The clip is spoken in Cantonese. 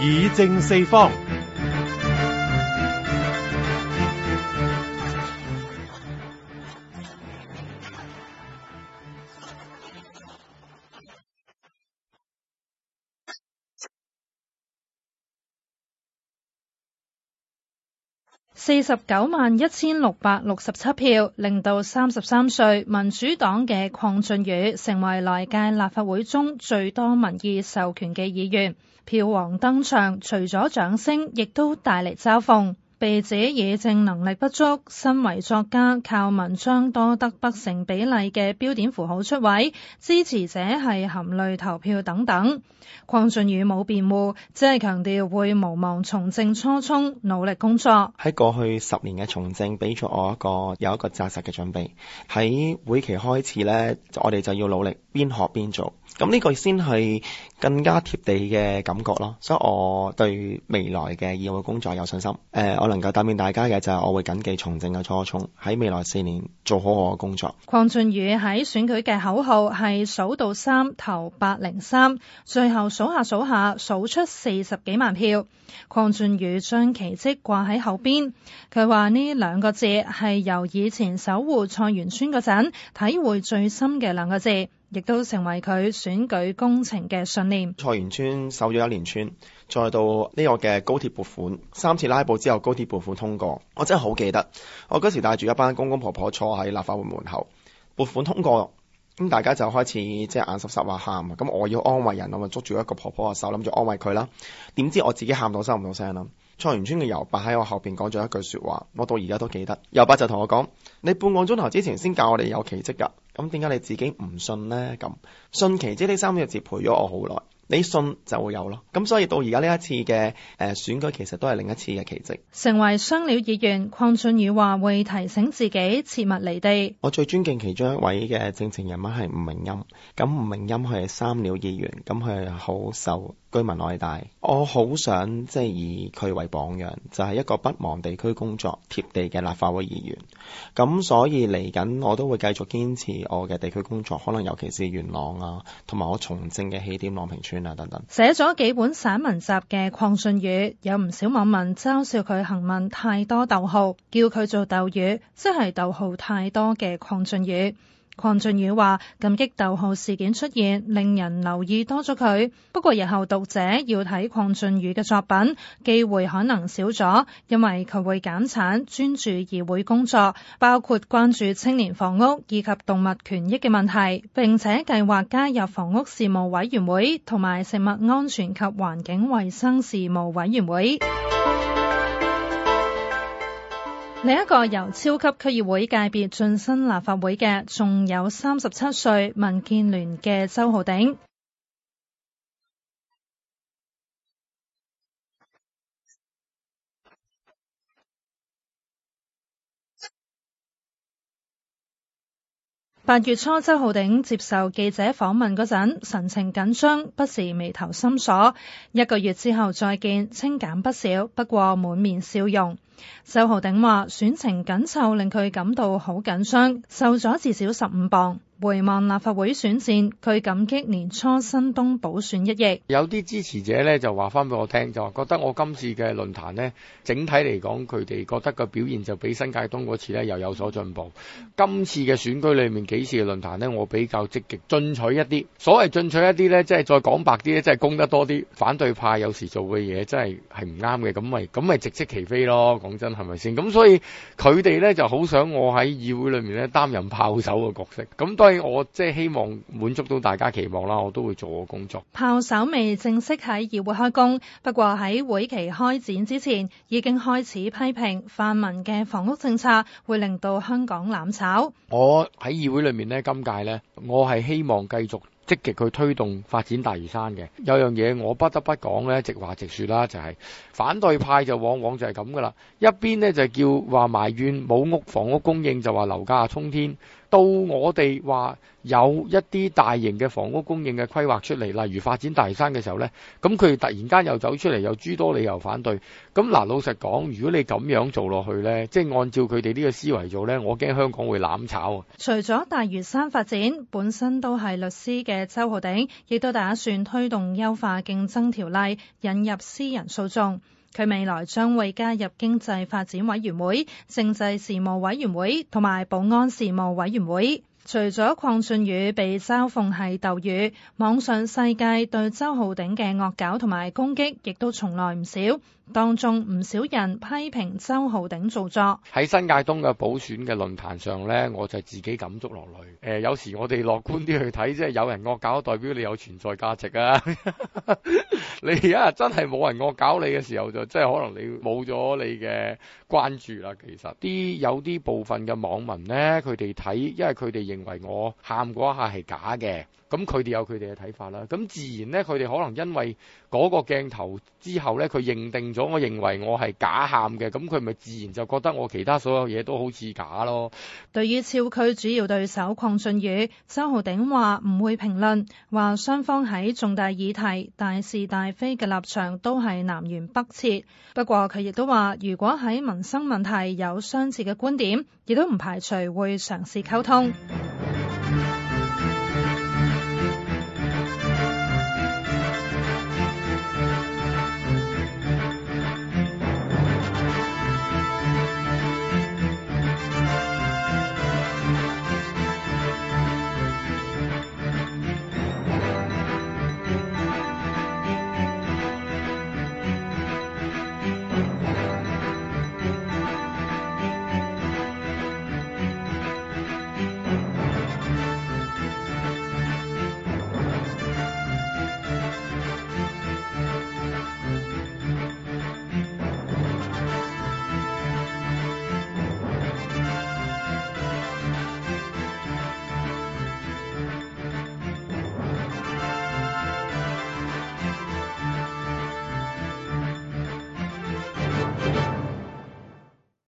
議政四方。四十九萬一千六百六十七票，令到三十三歲民主黨嘅鄺俊宇成為來屆立法會中最多民意授權嘅議員，票王登場，除咗掌聲，亦都帶嚟嘲諷。被指議政能力不足，身為作家靠文章多得不成比例嘅標點符號出位，支持者係含淚投票等等。鄺俊宇冇辯護，只係強調會無望從政初衷，努力工作。喺過去十年嘅從政，俾咗我一個有一個紮實嘅準備。喺會期開始咧，我哋就要努力邊學邊做，咁呢個先係更加貼地嘅感覺咯。所以我對未來嘅議會嘅工作有信心。誒、呃，能夠答應大家嘅就係我會緊記從政嘅初衷，喺未來四年做好我嘅工作。鄺俊宇喺選舉嘅口號係數到三投八零三，最後數下數下數出四十幾萬票。鄺俊宇將奇蹟掛喺口邊，佢話呢兩個字係由以前守護菜園村嗰陣體會最深嘅兩個字。亦都成為佢選舉工程嘅信念。菜園村守咗一年村，再到呢個嘅高鐵撥款，三次拉布之後高鐵撥款通過，我真係好記得。我嗰時帶住一班公公婆婆坐喺立法會門口撥款通過，咁大家就開始即係眼濕濕話喊。咁我要安慰人，我咪捉住一個婆婆嘅手，諗住安慰佢啦。點知我自己喊到收唔到聲啦。菜園村嘅尤伯喺我後邊講咗一句說話，我到而家都記得。尤伯就同我講：你半個鐘頭之前先教我哋有奇蹟噶。咁點解你自己唔信呢？咁信奇蹟呢三個字陪咗我好耐，你信就會有咯。咁所以到而家呢一次嘅誒、呃、選舉，其實都係另一次嘅奇蹟。成為雙料議員，鄺俊宇話會提醒自己切勿離地。我最尊敬其中一位嘅政情人物係吳明欽。咁吳明欽佢係三料議員，咁佢係好受。居民愛戴，我好想即係以佢為榜樣，就係、是、一個不忘地區工作、貼地嘅立法會議員。咁所以嚟緊，我都會繼續堅持我嘅地區工作，可能尤其是元朗啊，同埋我從政嘅起點朗屏村啊等等。寫咗幾本散文集嘅鄺俊宇，有唔少網民嘲笑佢行文太多逗號，叫佢做逗語，即係逗號太多嘅鄺俊宇。鄺俊宇話，感激逗號事件出現，令人留意多咗佢。不過日後讀者要睇鄺俊宇嘅作品，機會可能少咗，因為佢會減產，專注議會工作，包括關注青年房屋以及動物權益嘅問題，並且計劃加入房屋事務委員會同埋食物安全及環境衛生事務委員會。第一個由超級區議會界別晉身立法會嘅，仲有三十七歲民建聯嘅周浩鼎。八月初，周浩鼎接受記者訪問嗰陣，神情緊張，不時眉頭深鎖。一個月之後再見，清減不少，不過滿面笑容。周浩鼎話：選情緊湊，令佢感到好緊張，瘦咗至少十五磅。回望立法會選戰，佢感激年初新東補選一役。有啲支持者咧就話翻俾我聽，就話覺得我今次嘅論壇呢，整體嚟講，佢哋覺得個表現就比新界東嗰次呢又有所進步。今次嘅選舉裏面幾次嘅論壇呢，我比較積極進取一啲。所謂進取一啲呢，即係再講白啲咧，即係攻得多啲。反對派有時做嘅嘢真係係唔啱嘅，咁咪咁咪直斥其非咯。講真係咪先？咁所以佢哋呢就好想我喺議會裏面呢擔任炮手嘅角色。咁當然我即係希望滿足到大家期望啦，我都會做我工作。炮手未正式喺議會開工，不過喺會期開展之前已經開始批評泛民嘅房屋政策會令到香港攬炒。我喺議會裏面呢，今屆呢，我係希望繼續。積極去推動發展大嶼山，嘅有樣嘢我不得不講，呢直話直説，啦，就係反對派就往往就係咁噶啦，一邊呢，就叫話埋怨冇屋房屋供應就話樓價衝天，到我哋話有一啲大型嘅房屋供應嘅規劃出嚟，例如發展大嶼山嘅時候呢，咁佢突然間又走出嚟有諸多理由反對，咁嗱老實講，如果你咁樣做落去呢，即係按照佢哋呢個思維做呢，我驚香港會攬炒啊！除咗大嶼山發展本身都係律師嘅。嘅周浩鼎亦都打算推動優化競爭條例，引入私人訴訟。佢未來將會加入經濟發展委員會、政制事務委員會同埋保安事務委員會。除咗鄺俊宇被嘲諷係鬥魚，網上世界對周浩鼎嘅惡搞同埋攻擊，亦都從來唔少。當中唔少人批評周浩鼎做作。喺新界東嘅補選嘅論壇上呢，我就自己感觸落淚。誒、呃，有時我哋樂觀啲去睇，即係有人惡搞，代表你有存在價值啊！ 你而家真係冇人惡搞你嘅時候，就即係可能你冇咗你嘅關注啦。其實啲有啲部分嘅網民呢，佢哋睇，因為佢哋認。認為我喊嗰一下係假嘅。咁佢哋有佢哋嘅睇法啦。咁自然呢，佢哋可能因為嗰個鏡頭之後呢，佢認定咗，我認為我係假喊嘅，咁佢咪自然就覺得我其他所有嘢都好似假咯。對於超區主要對手鄺俊宇，周浩鼎話唔會評論，話雙方喺重大議題大是大非嘅立場都係南轅北轍。不過，佢亦都話如果喺民生問題有相似嘅觀點，亦都唔排除會嘗試溝通。